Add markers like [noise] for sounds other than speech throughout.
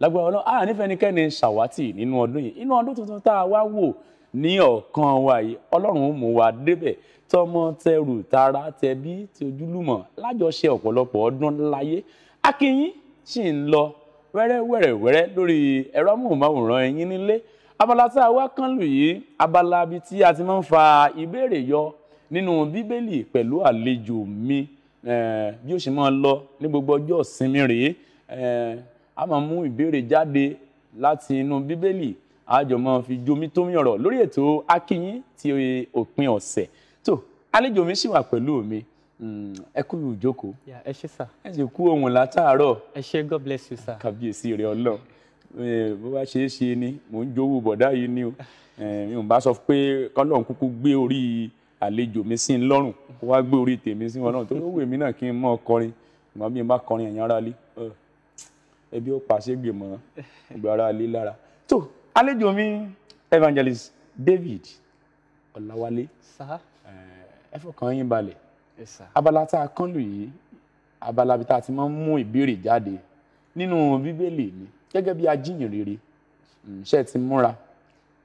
lágbára ọlọ́run a ah, nífẹ̀ẹ́ ẹnikẹ́ni ṣàwátì nínú ọdún yìí inú ọdún tuntun tá a wá wò ní ọ̀kan wa yìí ọlọ́run mú wa débẹ̀ tọmọ tẹrù tara tẹbí ti ojúlùmọ̀ lájọṣe ọ̀pọ̀lọpọ̀ ọdún láyé akínyín sì ń lọ wẹ́rẹ́wẹ́rẹ́wẹ́rẹ́ lórí ẹ̀rọ amóhùnmáwòrán ẹ̀yin nílé abala tá a wá kán lù yìí abala bíi tí a ti máa ń fa ìbéèrè yọ nínú bíbélì pẹ̀lú àlejò mi bí ó ṣe máa lọ ní gbogbo ọjọ́ ìsinmi rèé a máa mú ìbéèrè jáde láti inú bíbélì a jọ máa fi jomi tómi ọ̀rọ̀ lórí ètò akínyín ti òpin ọ̀sẹ̀ tó àlejò mi sì wà pẹ̀lú mi hmm, ẹ kú ìjókòó ẹ ṣé sà ẹ sì kú ohun látàárọ̀ ẹ ṣé god bless you sà kàbíyèsí rẹ Ọlọ́run eh, bó bá ṣe é ṣe ni mò ń jowó bọ̀dá yìí ni o eh, mi ò bá sọ pé kọ́lọ́n kúkú gbé orí àlejò mi sí lọ́rùn kó wá gbé orí tèmi sí wọn náà tó wù mí náà kí n mọ̀ kọrin ìgbà bí n bá kọrin ẹ̀yàn ara lé ẹbí ó pàṣẹ gbèmọ ìgbàra alẹ lára tó àlejò mi evangelist David Ọláwálé eh, ẹ fọkàn yín balẹ̀ abala tá a kán lù yìí abala bí tá a ti máa ń mú ìbéèrè jáde nínú bíbélì mi gẹ́gẹ́ bí ajínrere hmm, ṣe ti múra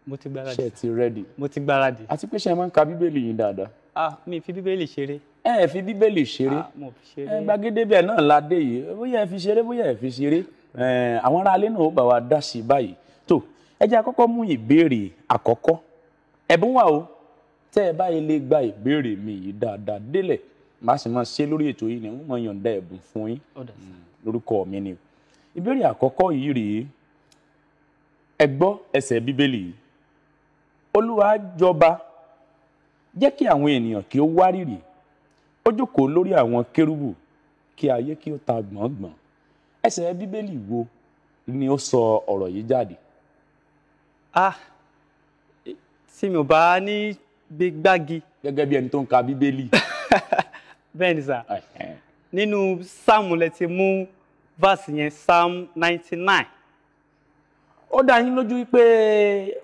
mo ti gbáradì ṣe ti rẹ́dì mo ti gbáradì àti pé ṣe máa ń ka bíbélì yìí dáadáa. ah mi fi bíbélì ṣeré ẹ ẹ fi bíbélì ṣeré ah, ẹ gbàgede bẹ́ẹ̀ náà la dé yìí bóyá ẹ fi ṣeré bóyá ẹ fi ṣeré àwọn aráalé náà ó bá wa dá sí báyìí tó ẹ jẹ́ àkọ́kọ́ mú ìbéèrè àkọ́kọ́ ẹ̀bùn wà o tẹ́ ẹ báyìí lè gba ìbéèrè mi yìí dáadáa délẹ̀ má sì máa ṣe lórí ètò yìí ni wọ́n máa yọ̀ǹda ẹ̀bùn fún yín hmm, lórúkọ mi ni ìbéèrè àkọ́kọ́ yìí rèé ẹ gbọ́ ẹsẹ̀ bíbélì yìí olúwa jọba jẹ́ kí àwọn ènìyàn kí ó wárìrì ó jókòó lórí àwọn kérúbù kí ayé kí ó ta gbọ̀ngbọ̀n ẹsẹ̀ bíbélì wo ni ó sọ ọ̀rọ̀ yìí jáde. ah tí mi ò bá ní gbégbági. gẹ́gẹ́ bí ẹni tó ń ka bíbélì. [laughs] bẹ́ẹ̀ ni sà nínú sáàmù lẹ ti mú fásì yẹn sáàmù ninety nine. ó dá yín lójú pé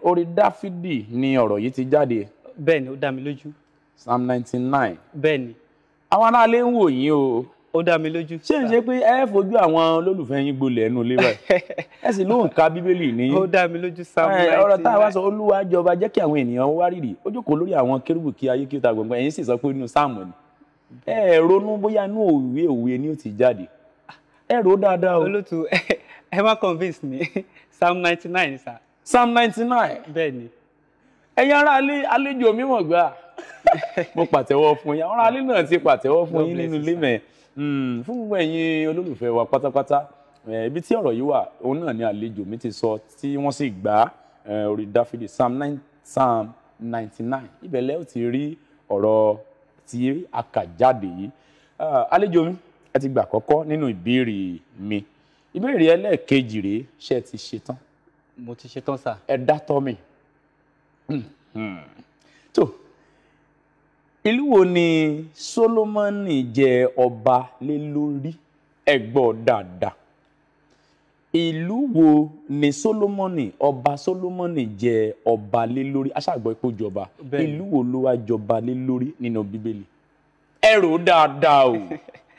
orin dáfídì ni ọ̀rọ̀ yìí ti jáde. bẹ́ẹ̀ ni ó dá mi lójú. sáàmù ninety nine. bẹ́ẹ̀ ni. àwọn aráalé ń wò yín o ó dá mi lójú. ṣé n ṣe pé ẹ fojú àwọn olólùfẹ́ yín gbolẹ̀ ẹnu ilé [laughs] ẹ sì ló n'i. bíbélì ní. ó dá mi lójú sáà mú láìpẹ́ tá a wá sọ olúwa jọba jẹ́ kí àwọn ènìyàn wá rírì lórí àwọn kérúbù kí ayé kí ta gbọ̀ngbọ̀n sì sọ pé inú sáàmù ni. ẹ ronú bóyá inú òwe ni ó ti jáde ẹ rò ó o. olótú [laughs] ẹ má convince psalm ninety nine sir. psalm ninety bẹ́ẹ̀ ni. omi mọ̀ gbà mo pàtẹ́wọ́ fún yín àwọn aráalé náà ti pàtẹ́wọ́ fún yín nínú ilé mẹ́ hmm, fún gbogbo ẹ̀yin olólùfẹ́ wa pátápátá eh, ibi tí ọ̀rọ̀ yìí wà òun náà ni àlejò mi ti sọ tí wọ́n sì gbà eh, orí dáfídì psalm nine psalm ninety nine ibẹ̀ lẹ́ ò ti rí ọ̀rọ̀ tí a kà jáde yìí ah, àlejò mi ẹ ti gbà kọ́kọ́ nínú ìbéèrè mi ìbéèrè ẹlẹ́ẹ̀kejì rèé ṣé ẹ ti ṣetán. mo ti ṣetán sá. ẹ dá mi. Hmm, hmm. tó ìlú wo ni Sólómọ́nì jẹ ọba lé lórí ẹ gbọ́ dáadáa ìlú wo ni Sólómọ́nì ọba Sólómọ́nì jẹ ọba lé lórí aṣáàgbọ́ ipò jọba ìlú wo ló wá jọba lé lórí nínú bíbélì ẹ rò ó dáadáa o.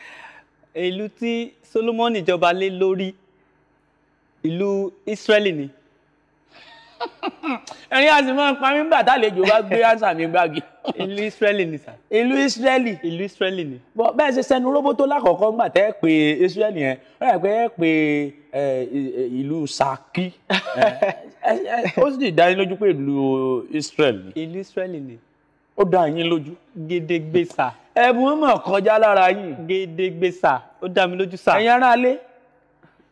[laughs] ìlú tí Sólómọ́nì jọba lé lórí ìlú Ísírẹ́lì ni. [laughs] ẹ̀rín a sì máa pa mí nígbà tá àlejò gbé àṣà mi gbági ìlú israeli ni sà. ìlú israeli. ìlú israeli ni. bọ bẹ́ẹ̀ ṣe sẹnu róbótó lákọ̀ọ́kọ́ ńgbà tẹ́ ẹ pé israeli yẹn ó yà pé ẹ [laughs] pé ìlú saki ó sì dánilójú pé ìlú israeli. ìlú israeli ni ó dá yín lójú. gédégbé sà. ẹ̀bùn mọ̀ kọjá lára yín. gédégbé sà ó dá mi lójú sà. ẹ̀yin ará alé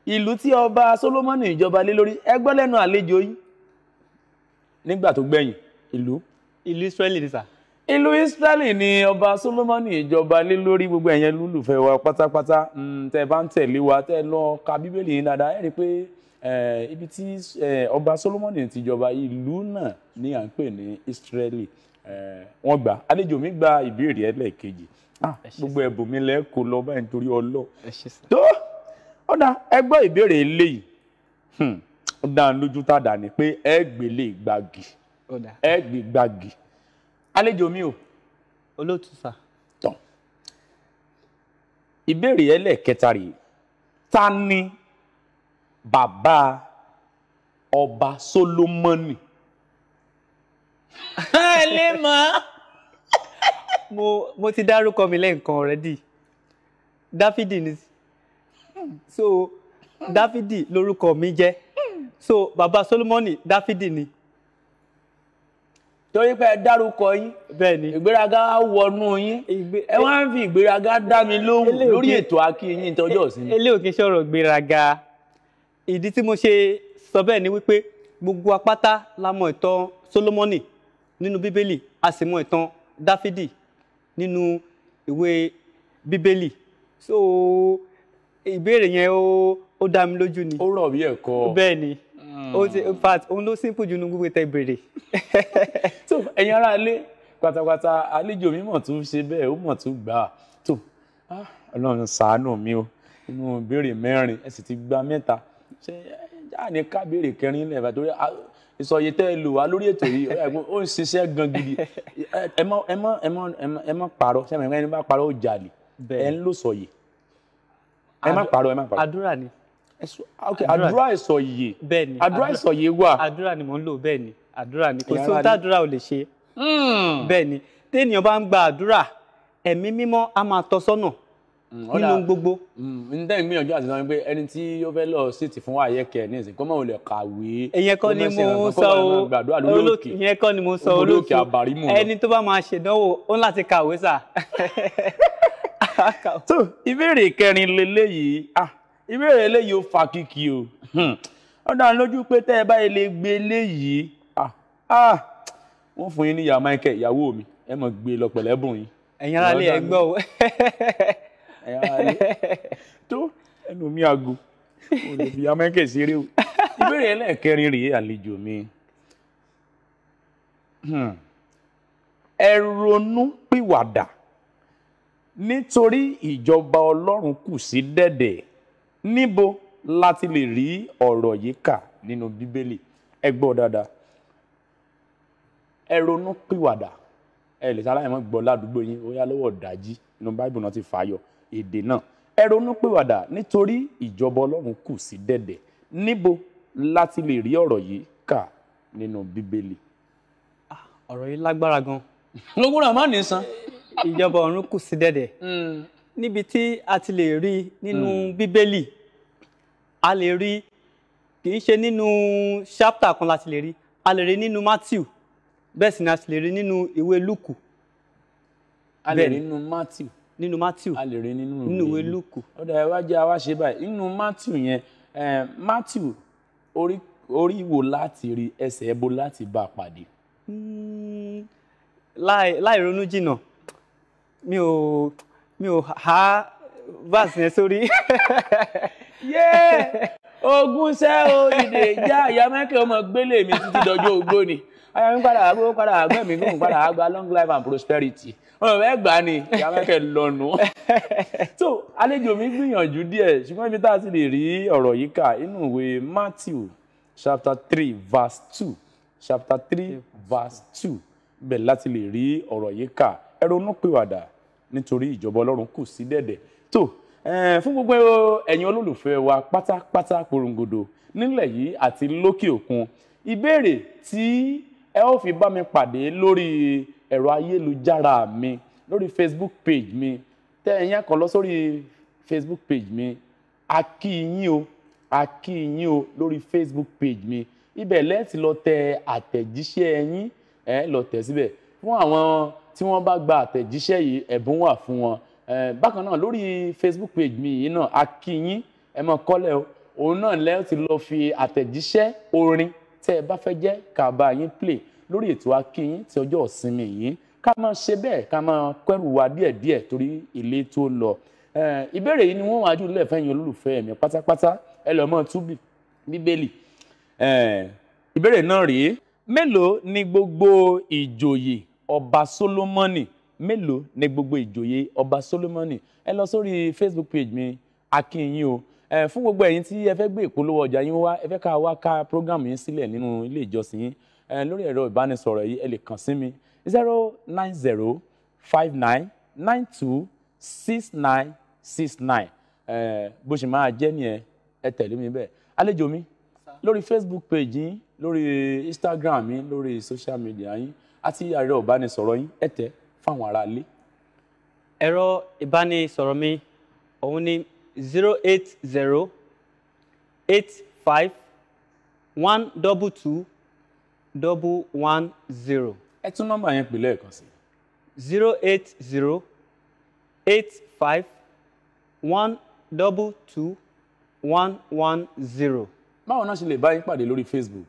ìlú tí ọba Solomoni ìjọba lé lórí ẹ gbọ́ lẹ́nu àlejò yín nígbà tó gbẹ̀yìn ìlú. ìlú Israẹli ni sà. ìlú Israeli ni ọba Solomoni ìjọba lé lórí gbogbo ẹ̀yẹn lólùfẹ́ wa pátápátá mm, tẹ bá ń tẹ̀lé wa tẹ lọ ka bíbélì yìí dáadáa ẹ pé ibi tí ọba Solomoni ti jọba ìlú náà ni à ń pè ní Israeli wọ́n gbà àlejò mi gba ìbéèrè ẹlẹ́ẹ̀kejì ah, gbogbo ẹ̀bùnmi lẹ́ẹ̀kọ́ lọ báyìí nítorí ọlọ́ tó ọ̀dà ẹ gbọ́ ìbéèrè eléyìí hmm, ó dá lójú tàdá ni pé ẹ gbélé gbági ẹ gbé gbági. àlejò mi o. olóòtú sà. tán ìbéèrè ẹlẹ́ẹ̀kẹta rèé ta ni bàbá ọba Sólómọ́nì. [laughs] ẹ lè mọ̀ mo mo ti dárúkọ mi lẹ́ẹ̀kan already dáfídì ni so dáfídì lórúkọ mi jẹ́ so bàbá Sólómọ́nì dáfídì ni torí pé ẹ dárúkọ yín bẹ́ẹ̀ni ìgbéraga wọnú yín ẹ wá ń fi ìgbéraga dá mi lóhùn lórí ètò akínyìn tọjọ́ e- ìsinmi. eléyìí ò kí n sọ̀rọ̀ ìgbéraga ìdí tí mo ṣe sọ bẹ́ẹ̀ ni wípé gbogbo apáta la mọ ìtàn Sólómọ́nì nínú bíbélì a sì mọ ìtàn Dáfídì nínú ìwé bíbélì so ìbéèrè yẹn ó dá mi lójú ni. ó rọ̀ bí ẹ̀kọ́ bẹ́ẹ̀ ni ó ti in fact òun ló simple jù nu gbogbo tẹ bèrè. tó [laughs] ẹ̀yin ará ilé pátápátá àlejò mi mọ̀ tún ṣe bẹ́ẹ̀ ó mọ̀ tún gbà á tó ah, ọlọ́run ṣàánú mi o inú ìbéèrè mẹ́rin ẹ sì ti gba mẹ́ta ṣe jáàní ká béèrè kẹrin lẹ́ẹ̀fà torí ìsọyẹ tẹ́ ẹ lò wá lórí ètò yìí ó ń ṣiṣẹ́ gan gidi ẹ mọ ẹ mọ ẹ mọ ẹ mọ parọ́ ṣẹ́mi ẹni bá parọ́ ó jalè ẹ ń lò sọyẹ ẹ má parọ́ ẹ má parọ́. àdúrà ni àdúrà ìsọyè bẹ́ẹ̀ni àdúrà ìsọyè wà àdúrà ni mò ń lò bẹ́ẹ̀ni àdúrà ni kò sí ohun tàdúrà ò lè ṣe hmm. bẹ́ẹ̀ni téèyàn bá ń gba àdúrà ẹ̀mí mímọ́ á máa tọ́ sọ́nà hmm, nínú gbogbo. Hmm, n tẹ́ ìgbìyànjú àti sọ pé ẹni tí ó fẹ́ lọ sí ti fún àyẹ̀kẹ́ ní ìsìn kó mọ̀ ò lè kàwé. ìyẹn kọ́ ni mo sọ o ìyẹn kọ́ ni mo sọ olókè ẹni tó bá máa ṣèdánwò ó ń láti kàwé sà. [laughs] [laughs] ìbéèrè kẹrin lélẹ́yìí ah, ìbéèrè eléyìí ó fa kíkì o hmm. ó dá lójú pé tẹ́ ẹ báyìí lè gbé eléyìí wọ́n fún yín ní ìyá Michael ìyàwó mi ẹ mọ̀ gbé lọ pẹ̀lẹ́bùn yín. ẹ̀yin aráalé ẹ gbọ́ o. ẹ̀yin aráalé tó ẹnu mi àgò olùbí Michael sí eré o ìbéèrè ẹlẹ́ẹ̀kẹrin rèé àlejò mi hmm. ẹ ronú pìwàdà nítorí ìjọba ọlọ́run kù sí dẹ̀dẹ̀ níbo láti lè rí ọ̀rọ̀ yìí kà nínú bíbélì ẹ gbọ́ dáadáa ẹ ronú pìwàdà ẹ lè sáláyà mọ́ gbọ́ ládùúgbò yín ó yá lọ́wọ́ dájí inú báìbù náà ti fààyọ èdè náà ẹ ronú pìwàdà nítorí ìjọba ọlọ́run kù sí dẹ̀dẹ̀ níbo láti lè rí ọ̀rọ̀ yìí kà nínú bíbélì. Ah, ọ̀rọ̀ yìí lágbára gan-an ló gbọ́dọ̀ má nìsan [laughs] ìjọba ọ̀run kù sí dẹ̀dẹ̀ hmm níbi tí a ti lè rí nínú hmm. bíbélì a lè rí kì í ṣe nínú ṣápítà kan la ti lè rí a lè rí nínú Matthew bẹ́ẹ̀ sì ni a sì lè rí nínú ìwé Lúùkù. a lè rí nínú Matthew nínú Matthew a lè rí nínú ìwé Lúùkù. ó dà wá ṣe báyìí nínú Matthew yẹn Matthew orí orí wo láti rí ẹsẹ̀ ẹbọ láti bá a pàdé. Hmm, láì láì ronú jìnnà mi ò mi ò há verse yẹn sórí. [laughs] yéé ogun ṣẹ́ o ìdè ìjà ìyá mẹ́kẹ́ ọmọ gbélé mi títí dọjọ́ ogbó ni ayọ̀ mi padà agbó padà agbẹ́ mi gùn padà agba long life and prosperity wọn ò fẹ́ gbà ni ìyá mẹ́kẹ́ lọ́nu. [laughs] so àlejò mi gbìyànjú díẹ̀ ṣùgbọ́n ibi tá a ti lè rí ọ̀rọ̀ yìí kà inú ìwé Matthew chapter three verse two chapter three verse two bẹ̀ láti lè rí ọ̀rọ̀ yìí kà ẹ ronú nítorí ìjọba ọlọ́run kù sí dẹ̀dẹ̀ tó fún gbogbo ẹ̀yin olólùfẹ́ wa pátápátá porongodo nílẹ̀ yìí àti lókè òkun ìbéèrè tí ẹ ó fi bá mi pàdé lórí ẹ̀rọ ayélujára mi lórí Facebook page mi tẹ ẹ̀yin kan lọ sórí Facebook page mi a kí yín o a kí yín o lórí Facebook page mi ibẹ̀ lẹ́ẹ̀tì lọ tẹ àtẹ̀jíṣẹ́ yín ẹ lọ tẹ̀ síbẹ̀ fún àwọn tí wọ́n bá gba àtẹ̀jíṣẹ́ yìí ẹ̀bùn wà fún wọn bákan náà lórí Facebook page mi yìí náà akínyín ẹ mọ kọ́lẹ̀ o òun náà lẹ́ ti lọ fi àtẹ̀jíṣẹ́ orin tẹ́ ẹ bá fẹ́ jẹ́ kàbá yín play lórí ètò akínyín ti ọjọ́ ìsinmi yìí ká máa ṣe bẹ́ẹ̀ ká máa kẹ́rù wa díẹ̀díẹ̀ torí ilé tó lọ ìbéèrè yìí ni wọ́n wájú lẹ̀ fẹ́yìn olólùfẹ́ mi pátápátá ẹ lọ́ mọ́ túbì bíbélì ìbéèrè náà rèé mélòó ni gbogbo ìjòyè ọba Solomoni mélòó ni gbogbo ìjòyè ọba Solomoni ẹ lọ sórí Facebook page mi akínyìn o ẹ fún gbogbo ẹ̀yin tí ẹ fẹ́ gbé ìpolówó ọjà yín wá ẹ fẹ́ ká wá ká program yín sílẹ̀ nínú ilé ìjọsìn yín ẹ lórí ẹ̀rọ ìbánisọ̀rọ̀ yìí ẹ lè kàn sí mi zero nine zero five nine nine two six nine six nine bó ṣe máa jẹ́ nìyẹn ẹ tẹ̀lé mi bẹ́ẹ̀ àlejò mi lórí Facebook page yín lórí Instagram mi lórí social media yín àti ẹ̀rọ ìbánisọ̀rọ̀ yín ẹ tẹ̀ fáwọn ará ilé. ẹ̀rọ ìbánisọ̀rọ̀ mi òun ni zero eight zero eight five one double two double one zero. ẹ tún nọ́mbà yẹn pè lẹ́ẹ̀kan sí. zero eight zero eight five one double two one one zero. báwo náà ṣe lè bá yín pàdé lórí Facebook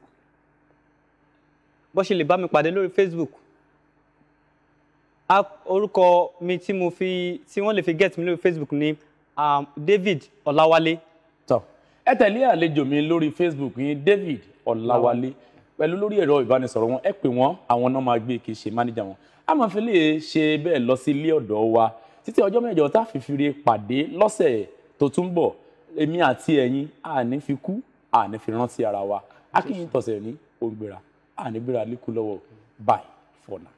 bó ṣe lè bá mi pàdé lórí Facebook orúkọ mi tí mo fi tí wọ́n lè fi get mi lórí Facebook ni um, David Ọláwálé. tọ ẹ tẹ̀lé àlejò mi lórí Facebook yín David Ọláwálé pẹ̀lú lórí ẹ̀rọ ìbánisọ̀rọ̀ wọn ẹ pè wọ́n àwọn náà máa gbé kì í ṣe mánéjà wọn a máa fi lè ṣe bẹ́ẹ̀ lọ sí ilé ọ̀dọ́ wa títí ọjọ́ mẹ́jọ tá a fi fi re pàdé lọ́sẹ̀ tó tún bọ̀ èmi àti ẹ̀yin àní fi kú àní fi rántí ara wa akínyìn ní ògbéra. And àníbíra líkú lọ́wọ́ bye for now.